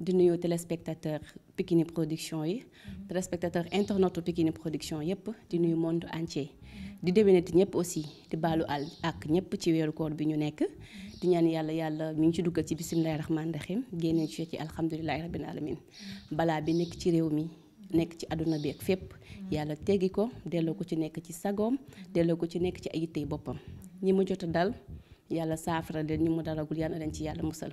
di nuyu téléspectateur Pikini production yi mhm. téléspectateur internaute Pikini production yëpp di nuyu monde entier mhm. di déwénati ñëpp aussi di baalu àll ak ñëpp ci weeru koor bi ñu nekk mhm. di ñaan yàlla yàlla ñu ngi ci duggal ci bisimilahi rahmaani rahim génnee ci ci alhamdulilahi rabbil alamin balaa bi nekk ci réew mi nekk ci àdduna bi fépp yàlla teggi ko delloo ko ci nekk ci sagoom delloo ko ci nekk ci ay boppam ñi mu jot dal yàlla saafara leen ñu mu dalagul yàlla leen ci yàlla musal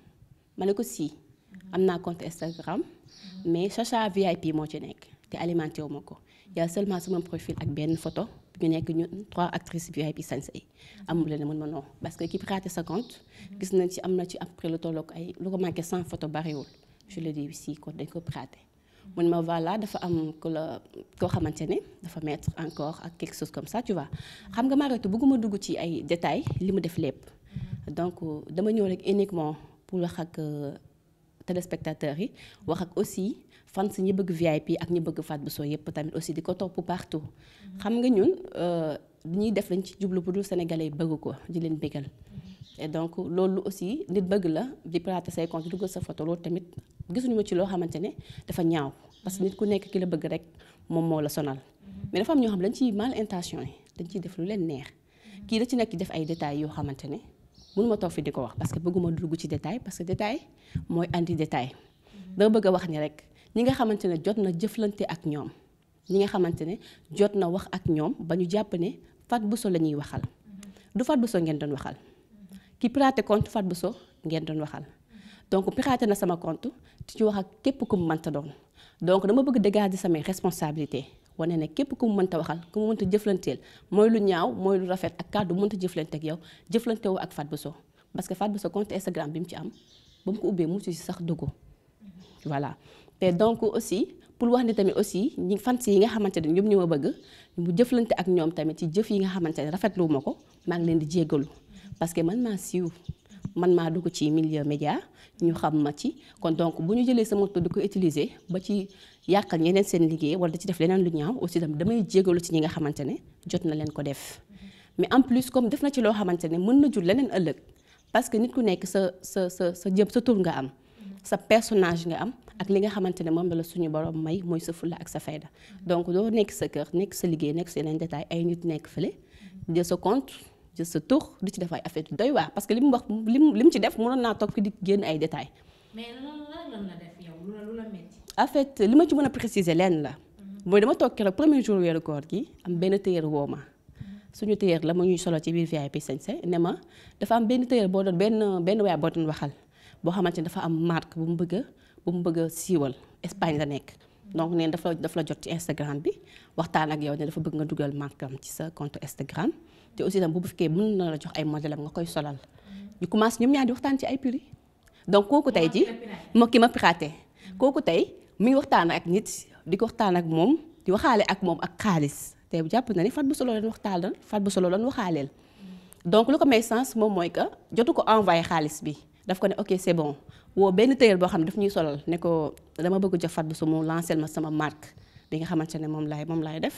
ma ne si am naa compte Instagram mais Chacha VIP moo ci nekk te alimenté wu Il y a seulement sama profil ak benn photo ñu nekk ñun trois actrices VIP sañse yi amul mon mën non parce que qui piraté sa compte gis nañ ci am na ci après lu tolloog ay lu ko manqué cent photo bariwul je le dis ici, kon dañ ko Mon mun ma voilà dafa am ku la koo xamante ne dafa mettre encore ak quelque chose comme ça tu vois xam nga Marietou bëgguma dugg ci ay détails li mu def lépp donc dama ñëw rek uniquement pour wax ak euh, téléspectateurs yi wax ak aussi fans ñi bëgg VIP ak ñi bëgg Fatou soo yëpp tamit aussi di ko topp partout. xam nga ñun li euh, ñuy def lañ ci jublu bu dul yi bëgg ko di leen bégal. et donc loolu aussi nit bëgg la di platé say compte duggal sa photo loolu tamit gisuñu ma ci loo xamante ne dafa ñaaw parce que nit ku nekk ki la bëgg rek moom moo la sonal. mais dafa am ñoo xam dañ ciy mal intention yi dañ ciy def lu leen neex kii da ci nekk def mënu ma toog fi di ko wax parce que bëgguma dugg ci détail parce que détail mooy andi détail dama bëgg a wax ni rek ñi nga xamante ne jot na jëflante ak ñoom ñi nga xamante ne jot na wax ak ñoom ba ñu jàpp ne Fat Bousso la ñuy waxal du Fat bu Bousso ngeen doon waxal ki piraté compte Fat Bousso ngeen doon waxal donc piraté na sama compte ci wax ak képp ku mu mënta doon donc dama bëgg di samay responsabilité wane ne képp ku mu mënta waxal ku mu mënta jëflanteel mooy lu ñaaw mooy lu rafet ak kàddu mënta jëflante ak yow jëflante woo ak Fatou Bousso parce que Fatou Bousso compte Instagram bi mu ci am ba mu ko ubbee mu si sax dugg voilà te donc aussi pour wax tamit aussi ñi fans yi nga xamante ne ñoom ñoo bëgg mu jëflante ak ñoom tamit ci jëf yi nga xamante ne rafetlu ma ko maa ngi leen di jéggalu parce que man maa siiw man ma dugg ci milieu média ñu xam ma ci kon donc bu ñu jëlee sama tur ko utiliser ba ci yakal ñeneen seen liggéey wala ci def leneen lu ñaaw aussi tam damay jégalu ci ñi nga xamantene ne jot na leen ko def mais en plus comme def na ci lo xamantene ne mën na jur leneen ëllëg parce que nit ku nekk sa sa sa sa jëm sa tur nga am sa personnage nga am ak li nga xamantene ne moom la suñu borom may moy sa fulla ak sa fayda donc do nekk sa cœur nekk sa liggéey nekk sa yeneen détail ay nit nekk fële de sa compte sa tux du ci def ay affaire yu doy waar parce que li mu wax li mu li mu ci def mënoon naa toog fi di génn ay détails. mais lan li ma ci mën a préciser lenn la. Mhm. mooy dama toog keroog premier jour weeru koor gi am benn tailleur woo ma mhm. suñu tailleur la ma ñuy solo ci biir VIP se ne ma dafa am benn tailleur boo doon benn benn waay boo doon waxal boo xamante ne dafa am marque bu mu bëgg bu mu bëgg a siiwal Espagne la nekk. Mhm. donc neen dafa la dafa la jot ci Instagram bi waxtaan ak yow ne dafa bëgg nga dugal marque am ci sa compte Instagram. te aussi itam bu fekkee mën na la jox ay modèle am nga koy solal ñu commencé ñoom ñaar di waxtaan ci ay prix donc kooku tey ji moo ki ma piraté kooku tey muy waxtaan ak nit di ko waxtaan ak moom di waxaale ak moom ak xaalis te jàpp na ni fat bu solo lan waxtaan fat bu solo lan waxaaleel donc lu ko may sens moom mooy que jotu ko envoyé xaalis bi daf ko ne ok c'est bon woo benn tailleur boo xam ne daf ñuy solal ne ko dama bëgg jox fat bu su mu ma sama marque bi nga xamante ne moom laay moom laay def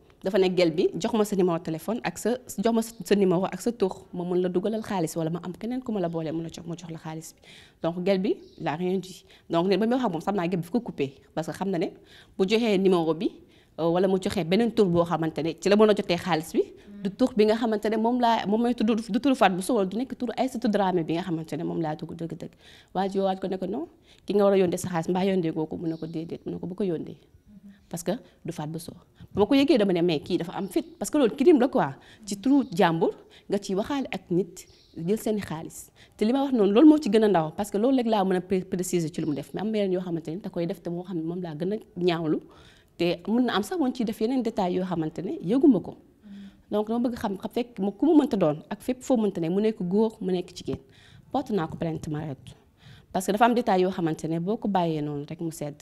dafa nek gel bi jox ma sa numéro téléphone ak sa jox ma sa numéro ak sa tour mo mën la dougalal xaliss wala ma am keneen ku ma la bolé mën la jox mo jox la xaliss bi donc gel bi la rien dit donc ne ba may wax ak mom xam naa gel bi fuko coupé parce que xam na ne bu joxé numéro bi wala mu joxé benen tour bo xamantene ci la mën joté xaliss bi du tour bi nga xamantene mom la mom may tuddu du tour fat bu sowal du nek tour ay sa tour Dramé bi nga xamantene mom la dug dugg dëgg-dëgg waa ji ko ne ko non ki nga wara yondé sa xaliss mbaa yondé goko mu ne ko déedéet mu ne ko bu ko yondé parce que du faat ba soo boo ko yëgee dama ne mais ki dafa am fit parce que loolu crime la quoi ci turu jambour nga ci waxaale ak nit jël seen xaliss te lima wax non loolu mo ci gëna ndaw parce que loolu rek la mën a préciser ci lu mu def mais am yeneen yoo xamante ni da koy def te mo xam mom la gëna ñaawlu té mun na am sax moom ci def yeneen détails yo xamante yegumako donc dama bëgg xam xam fek mo kumu mënta doon ak fépp fo mënta ne mu nekk goor mu nekk jigéen porte naa ko plainte ma parce que dafa am détails yo xamante ne bayé non rek mu sedd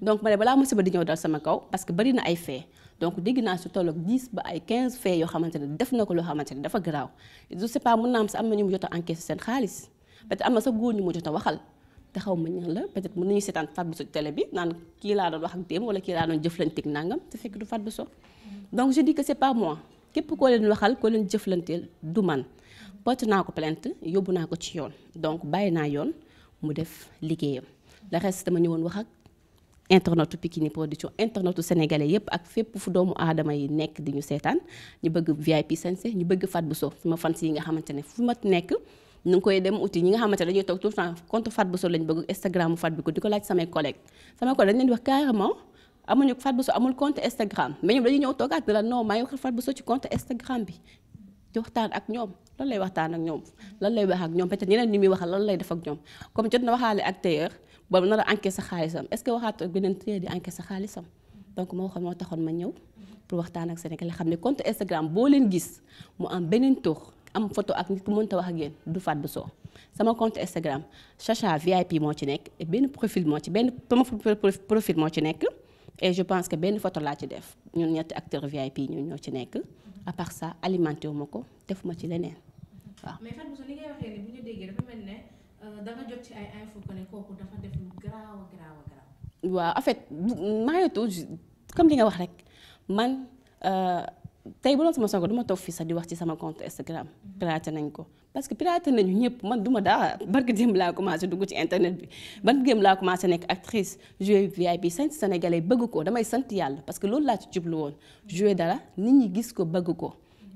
donc ma ne balaa musiba di ñëw dal sama kaw parce que bari na ay fait donc dégg na si tolloog 10 ba ay 15 fait yo xamanteni def nako ko xamanteni dafa graw je sais pas mun naa am sa am na ñu mu jot a sen xaliss xaalis peut-être am sa goor ñu mu jot waxal taxaw ma ñala peut-être mën nañu seetaan Fatou Biso télé bi nan ki la doon wax ak dem wala ki la doon jëflanteeg nangam te fekk du fat Fatou so donc je dis que c'est pas moi képp ko leen waxal ko leen jëflanteel du man pot naa ko plainte yobuna ko ci yoon donc bayina yoon mu def liggéeyam le reste dama ñëwoon wax ak internetu Pikini Production internetu sénégalais yépp ak fépp fu doomu aadama yi nekk di ñu seetaan ñu bëgg VIP Sensé ñu bëgg Fatou Bousso suma fans yi nga xamante ne fu ma nekk ñu ngi koy dem uti ñi nga xamante ne dañuy toog tout le temps compte Fatou Bousso lañ bëgg Instagram Fatou Bousso di mais ñoom dañuy ñëw toogaat ne la non maa ngi Fatou Bousso ci ak ñoom lan lay wax ak ñoom peut-être ñeneen ñi muy waxal lan lay def ak ñoom comme jot na waxaale ak tailleur ba nar a encaissé xaalisam est ce que waxaat beneen téye di encaissé xaalisam donc moo xam moo taxoon ma ñëw pour waxtaan ak Sénégal xam ne compte Instagram boo leen gis mu am beneen tour am photo ak nit ku mënta wax ak yéen du Fatou Sow sama compte Instagram Chacha VIP moo ci nekk benn profil moo ci benn profil moo ci nekk et je pense que benn photo laa ci def ñun ñetti acteur VIP ñun ñoo ci nekk à part ça alimenté wu ma ko defuma ci leneen waaw. mais Fatou Sow li ngay waxee ni bu ñu déggee dafa mel ne. dama jot ci ay info que ne dafa def lu garaaw garaaw garaaw. waaw en fait Marietou comme li nga wax rek man euh, tey bu doon sama soxla du ma toog fii sax di wax ci sama compte Instagram. Mhm. piraté nañ ko parce que piraté nañu ñëpp man du ma daa barki démb laa commencé dugg ci internet bi barki démb laa commencé nekk actrice joué VIP bi sant sénégalais bëgg ko damay sant yàlla parce que loolu laa ci jublu woon mhm. joué dara nit ñi gis ko bëgg ko.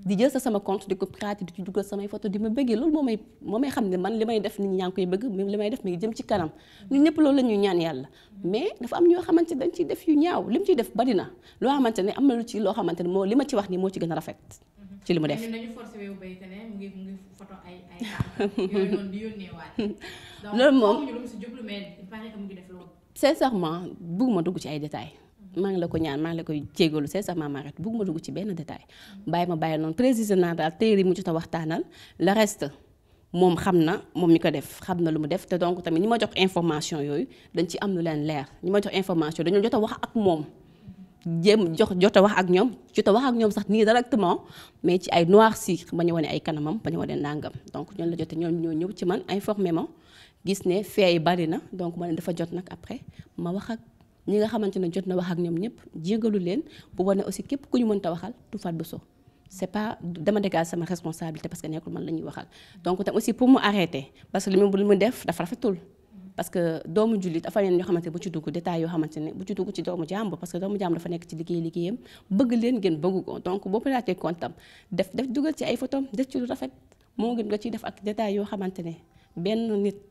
di jël sa sama compte di ko pirater di ci dugal samay photo di ma bëggee loolu moom may moo may xam ne man li may def nit ñaa ngi koy bëgg li may def mi ngi jëm ci kanam loolu la ñuy ñaan yàlla mais dafa am ñoo xamante dañ ciy def yu ñaaw li mu def bari na loo xamante ne am na lu ci loo xamante ne moo li ma ci wax nii moo ci gën a rafet ci li mu def loolu moom sincèrement bugguma dugg ci ay détails mang la ko ñaan mang la ko jégalu c'est sa maman arrête bëgguma dugg ci benn détail bayima baye non noonu précisé naa daal mu jot a waxtaanal le reste mom xamna mom moom mi ko def xamna lu mu def té donc tamit ñi ma jox information yoyu dañ ci am lu leen leer ñi ma jox information dañu jot wax ak mom jéem jox jot wax ak ñom ci a wax ak ñom sax ni directement mais ci ay noirci ba ñu wane ay kanamam ba ñu wane nangam donc ñu la jotee ñom ñoo ñëw ci man informément gis né fee yi bari na donc mo ne dafa jot nak après ma wax ak. ñi nga xamante ne jot na wax ak ñoom ñëpp jégalu leen bu wane aussi képp ku ñu mënta waxal du faat bu so c' est pas dama dégal sama responsabilité parce que nekkul man la ñuy waxal donc tam aussi pour mu arrêter parce que li mu mu def dafa rafetul parce doomu jullit dafa xamante ne bu ci dugg xamante ne bu ci dugg ci doomu jàmbur parce que doomu jàmbur dafa nekk ci liggéeyam bëgg leen ngeen bëgg ko donc boo plaatee kontam def def dugal ci ay photom def ci lu rafet moo gën nga ciy def ak détail yoo xamante ne benn nit